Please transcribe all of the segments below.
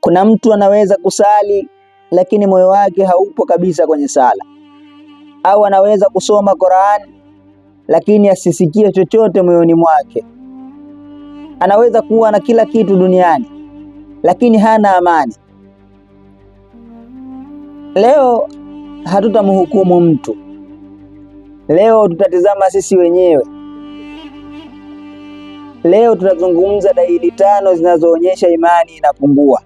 Kuna mtu anaweza kusali lakini moyo wake haupo kabisa kwenye sala, au anaweza kusoma Qur'an lakini asisikie chochote moyoni mwake. Anaweza kuwa na kila kitu duniani lakini hana amani. Leo hatutamhukumu mtu, leo tutatizama sisi wenyewe. Leo tutazungumza dalili tano zinazoonyesha imani inapungua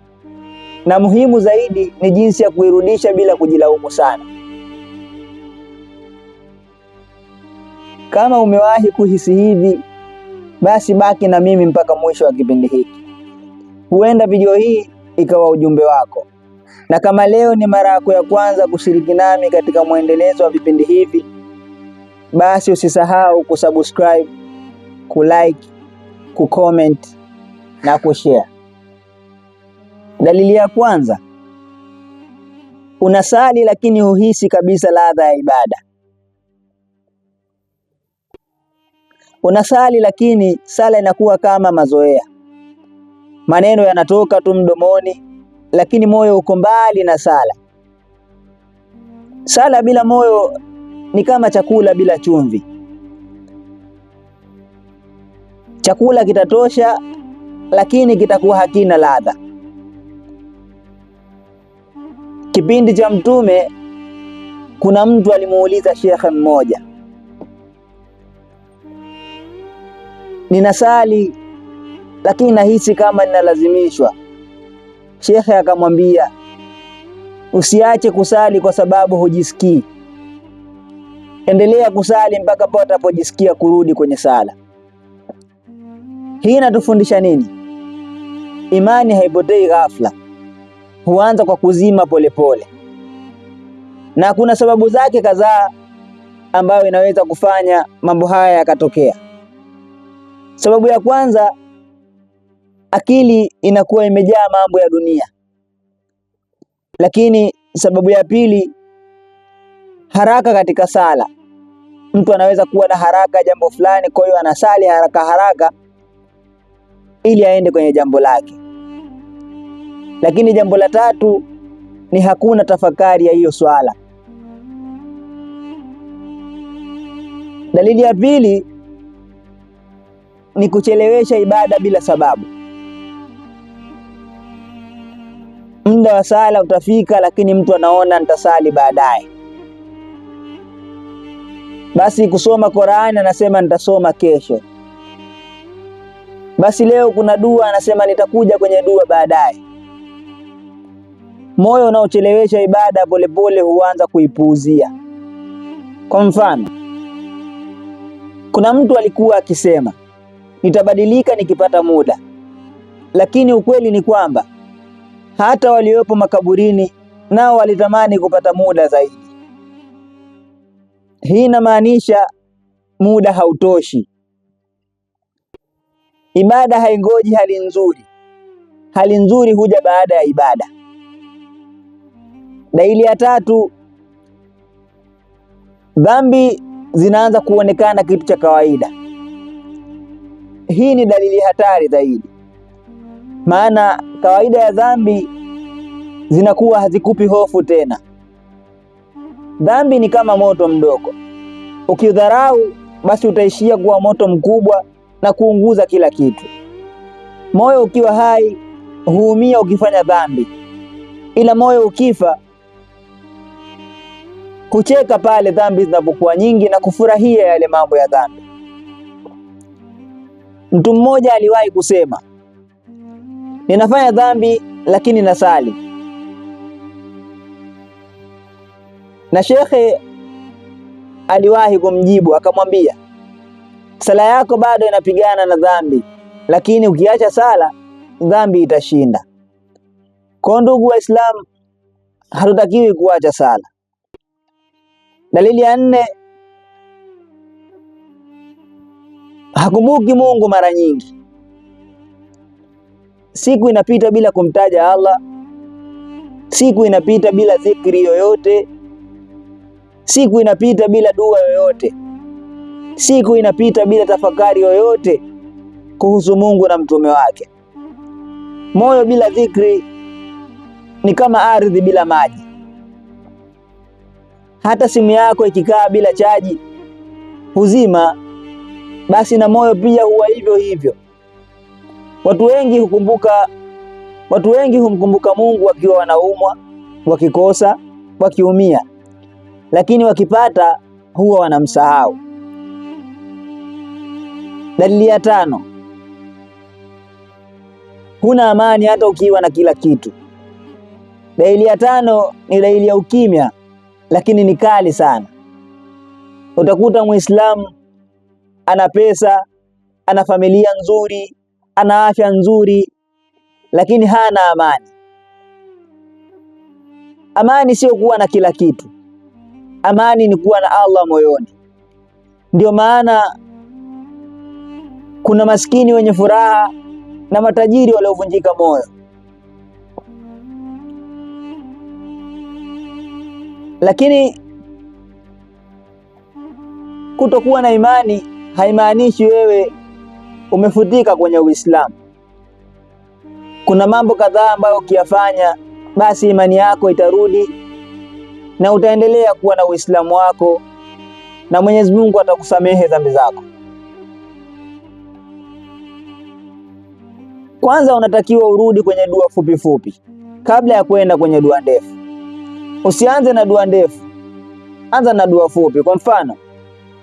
na muhimu zaidi ni jinsi ya kuirudisha bila kujilaumu sana. Kama umewahi kuhisi hivi, basi baki na mimi mpaka mwisho wa kipindi hiki. Huenda video hii ikawa ujumbe wako, na kama leo ni mara yako ya kwanza kushiriki nami katika mwendelezo wa vipindi hivi, basi usisahau kusubscribe, kulike, kucomment na kushare. Dalili ya kwanza, unasali lakini huhisi kabisa ladha ya ibada. Unasali lakini sala inakuwa kama mazoea, maneno yanatoka tu mdomoni, lakini moyo uko mbali na sala. Sala bila moyo ni kama chakula bila chumvi. Chakula kitatosha, lakini kitakuwa hakina ladha. Kipindi cha Mtume kuna mtu alimuuliza shekhe mmoja, ninasali lakini nahisi kama ninalazimishwa. Shekhe akamwambia, usiache kusali kwa sababu hujisikii, endelea kusali mpaka pale utapojisikia kurudi kwenye sala. Hii inatufundisha nini? Imani haipotei ghafla huanza kwa kuzima polepole pole. Na kuna sababu zake kadhaa ambayo inaweza kufanya mambo haya yakatokea. Sababu ya kwanza, akili inakuwa imejaa mambo ya dunia. Lakini sababu ya pili, haraka katika sala. Mtu anaweza kuwa na haraka jambo fulani, kwa hiyo anasali haraka haraka ili aende kwenye jambo lake. Lakini jambo la tatu ni hakuna tafakari ya hiyo swala. Dalili ya pili ni kuchelewesha ibada bila sababu. Muda wa sala utafika, lakini mtu anaona nitasali baadaye. Basi kusoma Qur'ani anasema nitasoma kesho. Basi leo kuna dua anasema nitakuja kwenye dua baadaye. Moyo unaochelewesha ibada polepole huanza kuipuuzia. Kwa mfano, kuna mtu alikuwa akisema nitabadilika nikipata muda, lakini ukweli ni kwamba hata waliopo makaburini nao walitamani kupata muda zaidi. Hii inamaanisha muda hautoshi. Ibada haingoji hali nzuri, hali nzuri huja baada ya ibada. Dalili ya tatu, dhambi zinaanza kuonekana kitu cha kawaida. Hii ni dalili hatari zaidi, maana kawaida ya dhambi zinakuwa hazikupi hofu tena. Dhambi ni kama moto mdogo, ukidharau basi utaishia kuwa moto mkubwa na kuunguza kila kitu. Moyo ukiwa hai huumia ukifanya dhambi, ila moyo ukifa kucheka pale dhambi zinapokuwa nyingi na kufurahia yale mambo ya dhambi. Mtu mmoja aliwahi kusema, ninafanya dhambi lakini nasali. Na shekhe aliwahi kumjibu akamwambia, sala yako bado inapigana na dhambi, lakini ukiacha sala dhambi itashinda. Kwa ndugu Waislamu, hatutakiwi kuacha sala Dalili ya nne, hakumbuki Mungu mara nyingi. Siku inapita bila kumtaja Allah, siku inapita bila dhikri yoyote, siku inapita bila dua yoyote, siku inapita bila tafakari yoyote kuhusu Mungu na mtume wake. Moyo bila dhikri ni kama ardhi bila maji. Hata simu yako ikikaa bila chaji huzima, basi na moyo pia huwa hivyo hivyo. Watu wengi hukumbuka, watu wengi humkumbuka Mungu wakiwa wanaumwa, wakikosa, wakiumia, lakini wakipata huwa wanamsahau. Dalili ya tano, huna amani hata ukiwa na kila kitu. Dalili ya tano ni dalili ya ukimya lakini ni kali sana. Utakuta Muislamu ana pesa, ana familia nzuri, ana afya nzuri, lakini hana amani. Amani sio kuwa na kila kitu, amani ni kuwa na Allah moyoni. Ndio maana kuna maskini wenye furaha na matajiri waliovunjika moyo. Lakini kutokuwa na imani haimaanishi wewe umefutika kwenye Uislamu. Kuna mambo kadhaa ambayo ukiyafanya, basi imani yako itarudi na utaendelea kuwa na Uislamu wako na Mwenyezi Mungu atakusamehe dhambi zako. Kwanza unatakiwa urudi kwenye dua fupi fupi kabla ya kwenda kwenye dua ndefu. Usianze na dua ndefu, anza na dua fupi. Kwa mfano,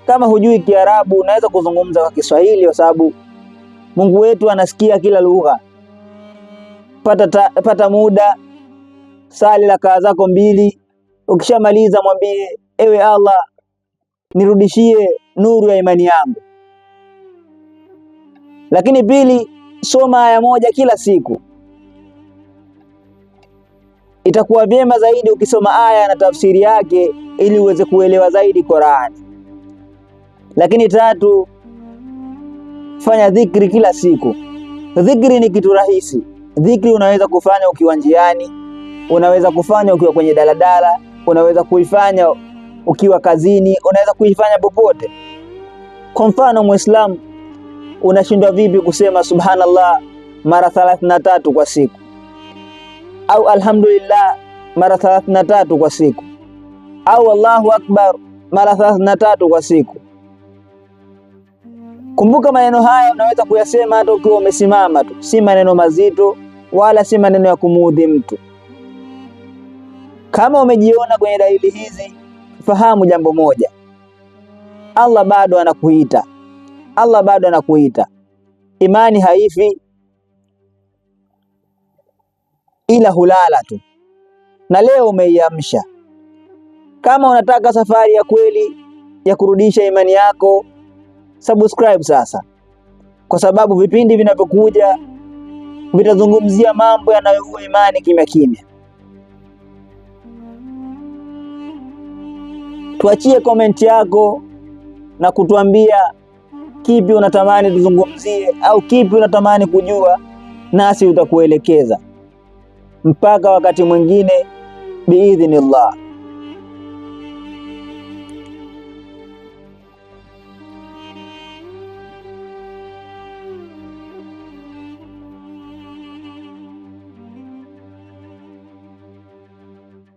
kama hujui Kiarabu unaweza kuzungumza kwa Kiswahili kwa sababu Mungu wetu anasikia kila lugha. Pata, ta, pata muda sali rakaa zako mbili. Ukishamaliza mwambie ewe Allah, nirudishie nuru ya imani yangu. Lakini pili, soma aya moja kila siku itakuwa vyema zaidi ukisoma aya na tafsiri yake ili uweze kuelewa zaidi Qur'an. Lakini tatu, fanya dhikri kila siku. Dhikri ni kitu rahisi. Dhikri unaweza kufanya ukiwa njiani, unaweza kufanya ukiwa kwenye daladala, unaweza kuifanya ukiwa kazini, unaweza kuifanya popote. Kwa mfano, Muislamu unashindwa vipi kusema subhanallah mara 33 kwa siku? au alhamdulillah mara thalathini na tatu kwa siku au Allahu akbar mara thalathini na tatu kwa siku. Kumbuka maneno haya unaweza kuyasema hata ukiwa umesimama tu, si maneno mazito wala si maneno ya kumuudhi mtu. Kama umejiona kwenye dalili hizi, fahamu jambo moja, Allah bado anakuita, Allah bado anakuita. Imani haifi ila hulala tu, na leo umeiamsha. Kama unataka safari ya kweli ya kurudisha imani yako, subscribe sasa, kwa sababu vipindi vinavyokuja vitazungumzia mambo yanayoua imani kimya kimya. Tuachie komenti yako na kutuambia kipi unatamani tuzungumzie, au kipi unatamani kujua, nasi utakuelekeza mpaka wakati mwingine biidhnillah.